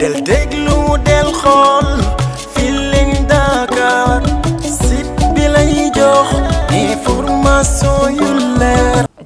del déglu del xool Feeling Dakar site bi lay jox information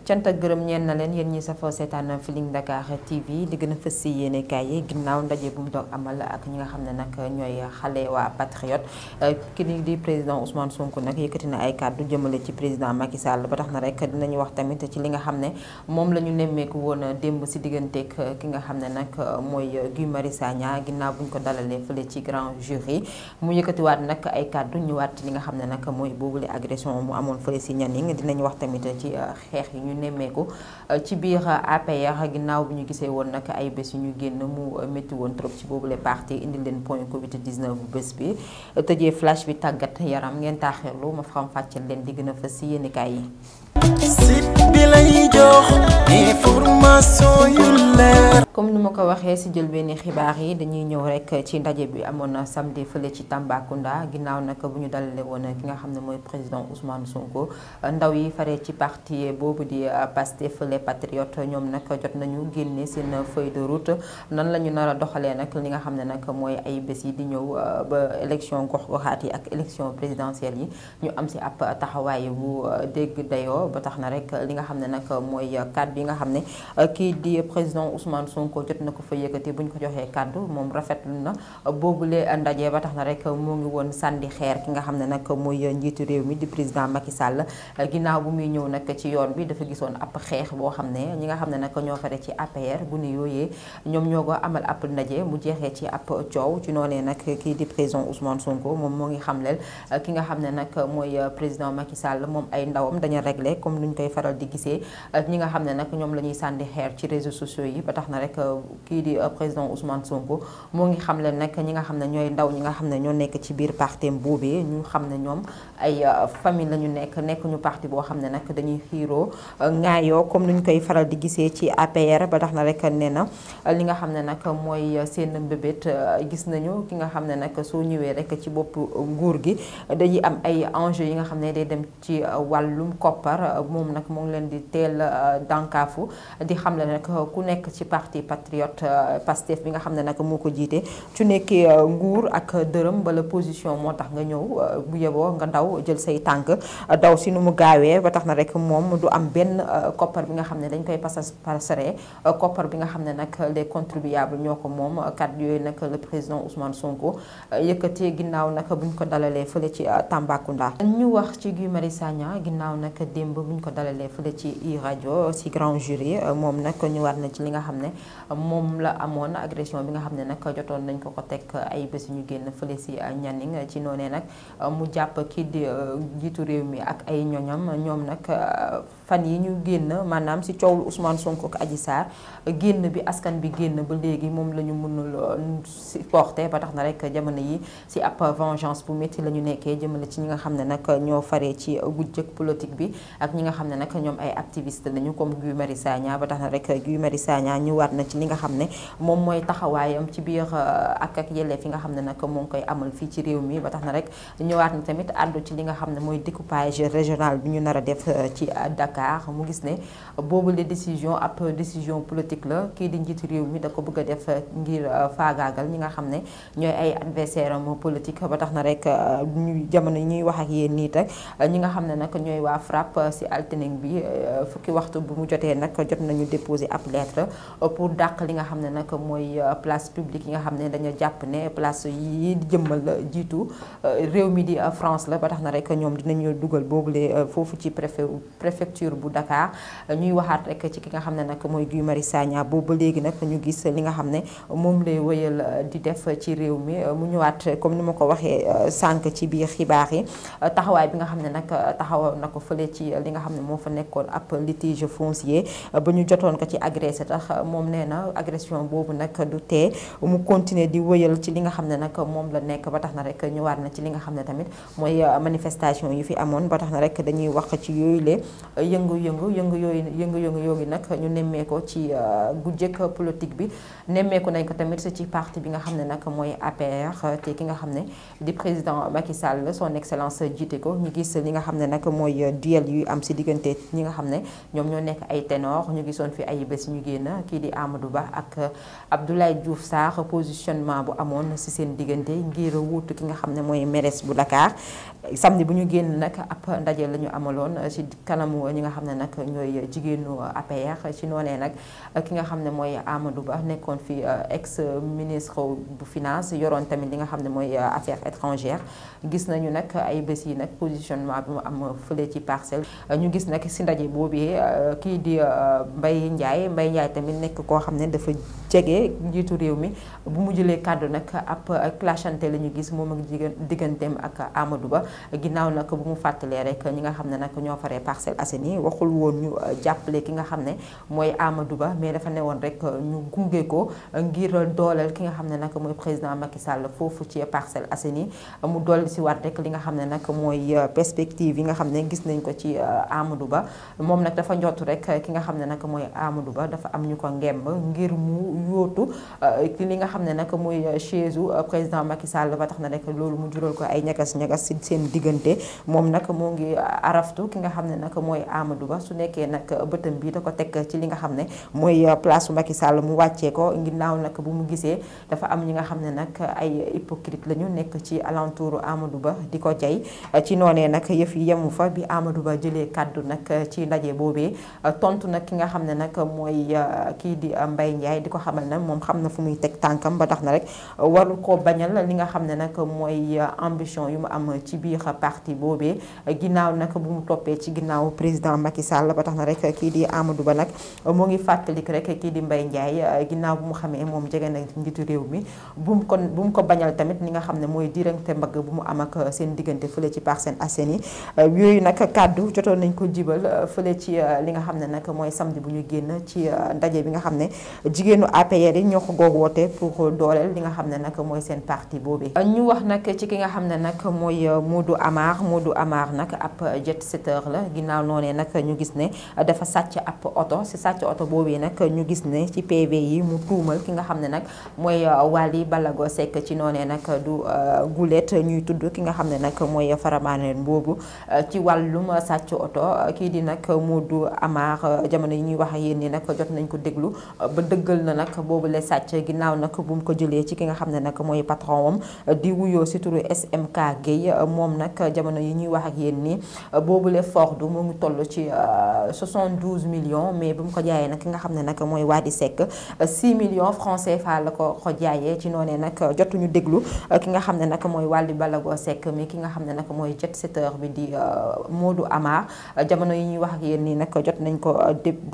cant gërëm ñeen na leen yéen ñi safoo seetaan Feeling Dakar TV li gën a fës si yéene kaay yi ginnaaw ndaje bu mu doog amal ak ñi nga xam ne nag ñooy xale waa patriote euh, ki di président Ousmane Sonko nag yëkkati na ay kàddu jëmale ci président Macky Sall ba tax na rek dinañu wax tamit ci li nga xam ne moom la ñu nemmeeku woon démb si digganteeg ki nga xam ne nag mooy Guy Marius Sagna ginnaaw bu ñu ko dalalee fële ci grand jury mu yëkkatiwaat nag ay kàddu waat ci li nga xam ne nag mooy boobu boobule agression mu amoon fële si Nianing dinañu wax tamit ci xeex yi ñu nemmeeku euh, ci biir euh, APR ginnaaw bi ñu gisee woon nag ay bés yu ñu génn mu euh, métti woon trop ci boobu boobule parti indi leen point Covid 19 bu bés bi tëjee flash bi tàggat yaram ngeen taaxirlu ma xam fàcceel leen di gën a fës si yéenekaay yi. site bi lay jox information yu leer. comme ni ma ko waxee si benn xibaar yi dañuy ñëw rek ci ndaje bi amoon na samedi fële ci Tambacounda ginnaaw nag bu ñu dalalee woon ki nga xam ne mooy président Ousmane Sonko ndaw yi faree ci parti boobu di Pastef les patriotes ñoom nag jot nañu génne seen feuille de route nan la ñu nar a doxalee nag li nga xam ne nag mooy ay bés yi di ñëw euh, ba élection gox-goxaat yi ak élection présidentielle yi ñu am si ab taxawaay bu euh, dégg dayoo ba tax na rek li nga xam ne nag mooy cadre bi nga xam ne euh, kii di président Ousmane Sonko jot na ko fa yëkkati bu ñu ko joxee kàddu moom rafet rafetlu na boobule ndaje ba tax na rek moo ngi woon sànni xeer ki nga xam ne nag mooy njiitu réew mi di président Macky Sall ginnaaw bu muy ñëw nag ci yoon bi dafa gisoon ab xeex boo xam ne ñi nga xam ne nag ñoo fare ci APR gune yooyee ñoom ñoo ko amal ab ndaje mu jeexee ci ab coow ci noonee nag kii di président Ousmane Sonko moom moo ngi xamleel ki nga xam ne nag mooy président Macky Sall moom ay ndawam dañu réglé comme nuñ koy faral di gisee ñi nga xam ne nag ñoom la ñuy sànni xeer ci réseaux sociaux yi ba tax na rek nekk kii di euh, président Ousmane Sonko moo ngi xam leen nag ñi nga xam ne ñooy ndaw ñi nga xam ne ñoo nekk ci biir partem boobee ñu xam ne ñoom ay euh, famille la ñu nekk nekk ñu parti boo xam ne nag dañuy xiiroo euh, ŋaayoo comme ni ñu koy faral di gisee ci APR ba tax na rek nee na li nga xam ne nag mooy seen mbébét gis nañu ki nga xam ne nag soo ñëwee rek ci bopp nguur gi dañuy am ay enjeux yi nga xam ne day dem ci wàllum koppar moom nag moo ngi leen di teel dànkaafu di xam le nag ku nekk ci parti parti patriote euh, Pastef bi nga xam ne nag moo ko jiite su nekkee euh, nguur ak dërëm bala position moo tax nga ñëw euh, bu yeboo nga ndaw jël say tànk daw si nu mu gaawee ba tax na rek moom du am benn koppar bi nga xam ne dañ koy pasas pasare koppar bi nga xam ne nag les contribuables ñoo ko moom kàddu yooyu nag le président Ousmane Sonko yëkkatee ginnaaw nag buñ ko dalalee fële ci Tambacounda ñu wax ci Guy Marius Sagna ginnaaw nag démb buñ ko dalalee fële ci i rajo si grand jury moom nag ñu war na ci li nga xam ne moom la amoon agression bi nga xam ne nag jotoon nañ ko ko teg ay bés ñu génn fële si euh, ñaning ci noonee nag euh, mu jàpp kii di euh, jiitu réew mi ak ay ñoñam ñoom nag fan yi ñu génn maanaam si coowlu Ousmane Sonko ak Adji Sarr génn bi askan bi génn ba léegi moom la ñu mënul euh, supporter ba tax na rek jamono yi si ab vengeance bu métti la ñu nekkee jëmale ci ñi nga xam ne nag ñoo faree ci gujjëg politique bi ak ñi nga xam ne nag ñoom ay activiste lañu comme Guy Marius Sagna ba tax na rek Guy Marius Sagna ñëwaat na ci li nga xam ne moom mooy taxawaayam ci biir euh, ak ak yelleef yi nga xam ne nag moo koy amal fii ci réew mi ba tax na rek ñëwaat na tamit àddu ci li nga xam ne mooy découpage régional bi ñu nar a def euh, ci Dakar Dakar mu gis ne boobu la décision ab décision politique la kii di njiitu réew mi da ko bëgg a def euh, ngir euh, faagaagal ñi nga xam ne ñooy ay adversaire am politique ba tax na rek euh, ñu jamono ñuy wax ak yéen nii ñi nga xam ne nag ñooy waa FRAPP si altine bi fukki waxtu bu mu jotee nag jot nañu déposer ab lettre pour dàq li nga xam ne nag mooy place publique yi nga xam ne dañoo jàpp ne place yi jëmmal jiitu réew mi di France la ba tax na rek ñoom dinañu dugal boobule foofu ci préfet préfecture préfecture bu Dakar ñuy waxaat rek ci ki nga xam ne nag mooy Guy Marius Sagna boobu nag ñu gis li nga xam ne moom lay wëyal euh, di def ci réew mi euh, mu ñëwaat comme ni ma ko waxee euh, sànq ci biir xibaar yi taxawaay bi nga xam ne nag taxaw na ko fële ci li nga xam ne moo fa nekkoon ab litige foncier ba ñu jotoon ko ci agressé tax moom nee na agression boobu nag du tee mu continuer di wëyal ci li nga xam ne nag moom la nekk ba tax na rek ñëwaat na ci li nga xam ne tamit mooy manifestation yu fi amoon ba tax na rek dañuy wax ci yooyu lee yëngu-yëngu yëngu-yooyu yëngu-yëngu yooyu nag ñu nemmee ko ci euh, gujjëk politique bi nemmeeku nañ ko tamit ci parti bi nga xam ne nag mooy APR te ki nga xam ne di président Macky soo son excellence jiite ko ñu gis li nga xam ne nag mooy duel yu am si diggante ñi nga xam ne ñoom ñoo nekk ay ténor ñu gisoon fi ay bés ñu génn kii di Amadou Ba ak Abdoulaye Diouf saax positionnement bu amoon si seen diggante ngir wuutu ki nga xam ne mooy mairesse bu Dakar samedi bu ñu génn nag ab ndaje la amaloon si ñi nga xam ne nag ñooy jigéenu APR ci noonee nag ki nga xam ne mooy Amadou Ba nekkoon fi euh, ex ministre bu finance yoroon tamit li nga xam ne mooy euh, affaires étrangères gis nañu nag ay bés yi nag positionnement bi mu am fële ci parcelle ñu gis nag si ndaje boobee euh, kii di Mbaye Ndiaye Mbaye Ndiaye tamit nekk koo xam ne dafa jege njiitu réew mi bu mu jëlee kàddu nag ab clashante la gis moom ak jigéen digganteem ak Amadou Ba ginnaaw nag bu mu fàttalee rek ñi nga xam ne nag ñoo faree Parcelles Assainies nii waxul woon ñu euh, jàppale ki nga xam ne mooy Amadou Ba mais dafa ne woon rek euh, ñu gunge ko ngir dooleel ki nga xam ne nag mooy président Macky Sall foofu ci Parcelles Assainies mu dolli si waat li nga xam ne nag mooy euh, perspective yi nga xam ne gis nañ ko ci Amadou Ba moom nag dafa njott rek ki nga xam ne nag mooy Amadou Ba dafa am ñu ko ngemb ngir mu yóotu li nga xam ne nag mooy chaise président Macky Sall ba tax na rek loolu mu jural ko ay ñagas ñagas si seen diggante moom nag moo ngi araftu ki nga xam ne nag mooy Amadou Ba su nekkee nag uh, bëtam bi da ko teg uh, ci li nga xam ne mooy uh, place su mu wàccee ko ginnaaw nag bu mu gisee dafa am ñi nga xam ne nag ay hypocrite la ñu nekk ci alentour Amadou Ba di ko jay ci noonee nag yëf yi yemu fa bi Amadou Ba jëlee kàddu nag ci ndaje boobee tontu nag ki nga xam ne nag mooy kii di Mbaye njaay di ko xamal na moom xam na fu muy teg tànkam ba tax na rek warul koo bañal li nga xam ne nag mooy ambition yu mu am ci biir parti président Macky Sall ba tax na rek kii di Amadou Ba nag moo ngi fàttalik rek kii di Mbaye Ndiaye euh, ginnaaw bu mu xamee moom jege ko bu mu ko nga xam ne mooy dirante mbagg bu mu am ak euh, seen diggante fële ci Parcelles Assainies euh, yooyu nag ko jibal fële li nga xam ne nag mooy samedi bu ñu génn ci ndaje bi nga xam ne jigéenu APR yi ñoo ko goog woote pour dooleel li nga xam ne nag mooy seen parti boobee ñu wax nag ci ki nga xam ne nag mooy Modou Amar Modou Amar nag ab jet setteur la ginnaaw noonee nag ñu gis ne dafa sàcc ab oto si sàcc oto boobee nag ñu gis ne ci PV yi mu tuumal ki nga xam ne nag mooy uh, Wally Ballago Seck ci noonee nag du uh, gulet ñuy tudd ki nga xam ne nag mooy faramaneen boobu uh, ci wàllum sàcc oto kii di nag Modou Amar jamono yi ñuy wax yéen ni nag jot nañ ko déglu ba dëggal na nag boobu la sàcc ginnaaw nag bu ko jëlee ci ki nga xam ne nag mooy patron wam di wuyoo si turu SMK Gueye moom nag jamono yi ñuy wax ak yéen boobu la Ford mu ngi toll ci 72 euh, millions mais bu mu ko jaayee nag ki nga xam ne nag mooy Wadi sekk 6 euh, million francs CFA la ko ko jaayee ci noonee nag euh, jotuñu déglu ki nga xam ne nag mooy Wally Ballago Seck mais ki nga xam ne nag mooy jet setteur bi di du Amar jamono yi ñuy wax ak yéen nii nag jot nañ ko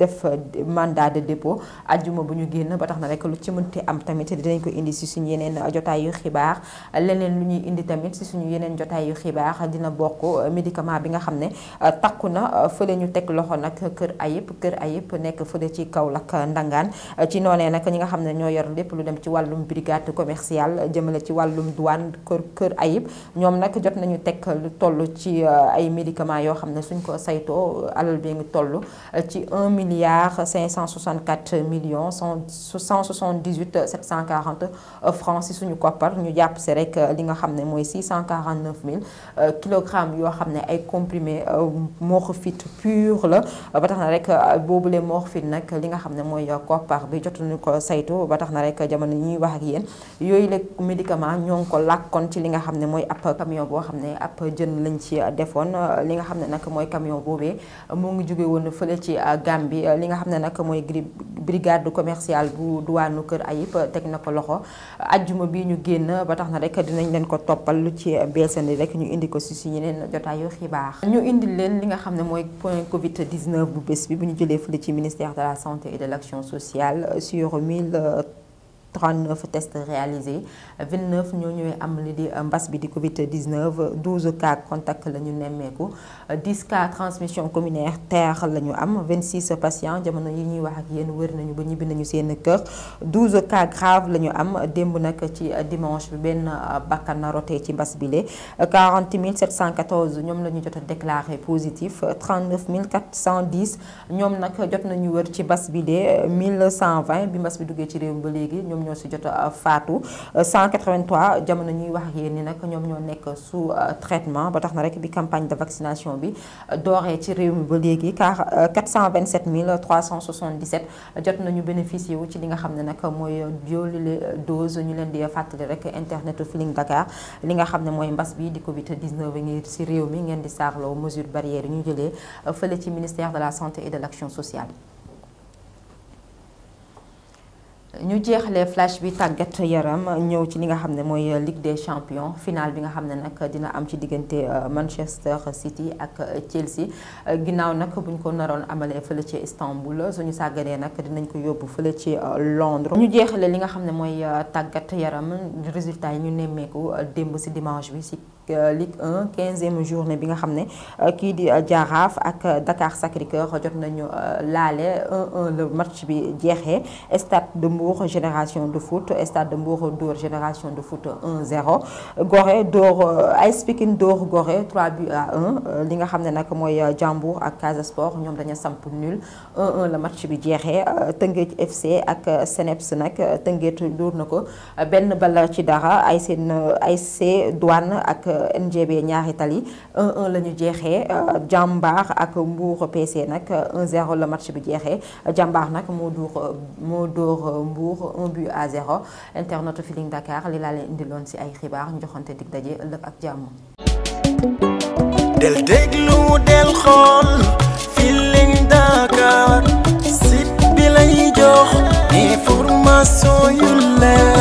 def mandaa de dépôt ajjuma bu ñu génn ba tax na rek lu ci mënti am tamit dinañ ko indi si suñu yeneen jotaay yu xibaar leneen lu ñuy indi tamit si suñu yeneen jotaay yu xibaar dina bokk médicament bi nga xam ne takku fële ñu teg loxo nag kër ayib kër ayib nekk fële ci Kaolack ndangaan ci noonee nag ñi nga xam ne ñoo yor lépp lu dem ci wàllum brigade commerciale jëmale ci wàllum douane kër kër ayib ñoom nag jot nañu teg lu toll ci euh, ay médicament yoo xam ne suñ ko saytoo alal bi ngi toll euh, ci 1 milliard 564 millions 178 740 francs si suñu koppar ñu jàpp si rek euh, li nga xam ne mooy 649 000 kilogrammes yoo xam ne ay comprimé moo ko fit pure la ba tax na rek euh, boobu boobule morphine nag li nga xam ne mooy koppar bi jotu jotuñu ko saytu ba tax na rek jamono ñuy wax ak yéen yooyu le médicament ñoo ko làkkoon ci li nga xam ne mooy ab camion boo xam ne ab jën lañ ci defoon li nga xam ne nag mooy camion boobee moo ngi jóge woon fële ci euh, Gambie li nga xam ne nag mooy brigade commercial bu duwaanu Kër a Ayib teg na ko loxo ajjuma bi ñu génn ba tax na rek dinañ leen ko toppal lu ci euh, beesandi rek ñu indi ko si si ñeneen jotaayu xibaar ñu indi leen li nga xam ne mooy point Covid 19 bu bés bi bu ñu jëlee fële ci ministère de la santé et de l' action sociale euh, sur euh, 39 tests réalisés 29 ñoo ñëwee am li di euh, mbas bi di Covid 19 12 cas contact la ñu nemmeeku 10 cas transmission communautaire la ñu am 26 patients jamono yi ñuy wax ak yéen wér nañu ba ñibbi nañu seen kër 12 cas grave la ñu am démb nag ci dimanche benn euh, bakkan na rote ci mbas bile 40 714 ñoom la ñu jot a déclaré positif 39 410 ñoom nag jot nañu wër ci mbas cent 1120 bi mbas bi duggee ci réew ba léegi. ñoo si jot a euh, faatu 183 euh, jamono ñuy wax ak ni nag ñoom ñoo nekk sous euh, traitement ba tax na rek bi campagne de vaccination bi dooree ci réew mi ba léegi car 427 377 jot nañu bénéficié wu ci li nga xam ne nag mooy joolile dose ñu leen di fàttali rek internetu Feeling Dakar li nga xam ne mooy mbas bi di Covid 19 ngi si réew mi ngeen di saarloo mesure barrière yi ñu jëlee fële ci ministère de la santé et de l' sociale. ñu jeexale flash bi tàggat yaram ñëw ci li nga xam ne mooy Ligue des champions finale bi nga xam ne nag dina am ci diggante euh, Manchester City ak euh, Chelsea euh, ginnaaw nag bu ñu ko naroon amalee fële ci Istanbul suñu sàgganee nag dinañ ko yóbbu fële ci Londres. ñu jeexalee li nga xam ne mooy tàggat yaram résultat yi ñu nemmeeku démb si dimanche bi si. Euh, Ligue 1 quinzième journée bi nga xam ne euh, kii di euh, Jaraaf ak Dakar sacré jot nañu laale 1-1 le match bi jeexe Stade de Mbour Génération de Foot Stade de Mbour dóor Génération de Foot 1-0 Gorée dóor AS Pikine dóor Gorée li nga xam ne nag mooy Diambour ak Casa Sport ñoom dañu samp nul 1-1 la match bi jeexee Tëngéej FC ak Seneps nag Tëngéej dóor na ko benn bal ci dara ASC Douane ak NGB ñaari tali 1-1 ñu jeexee jàmbaar ak Mbour PC nag 1 la match bi jeexe jàmbaar nag moo dóor moo dóor Mbour 1 but à 0 Dakar li laa leen indiloon si ay xibaar njoxante dig daje ëllëg ak jàmm. del déglu del xool Feeling Dakar site bi lay jox information yu leer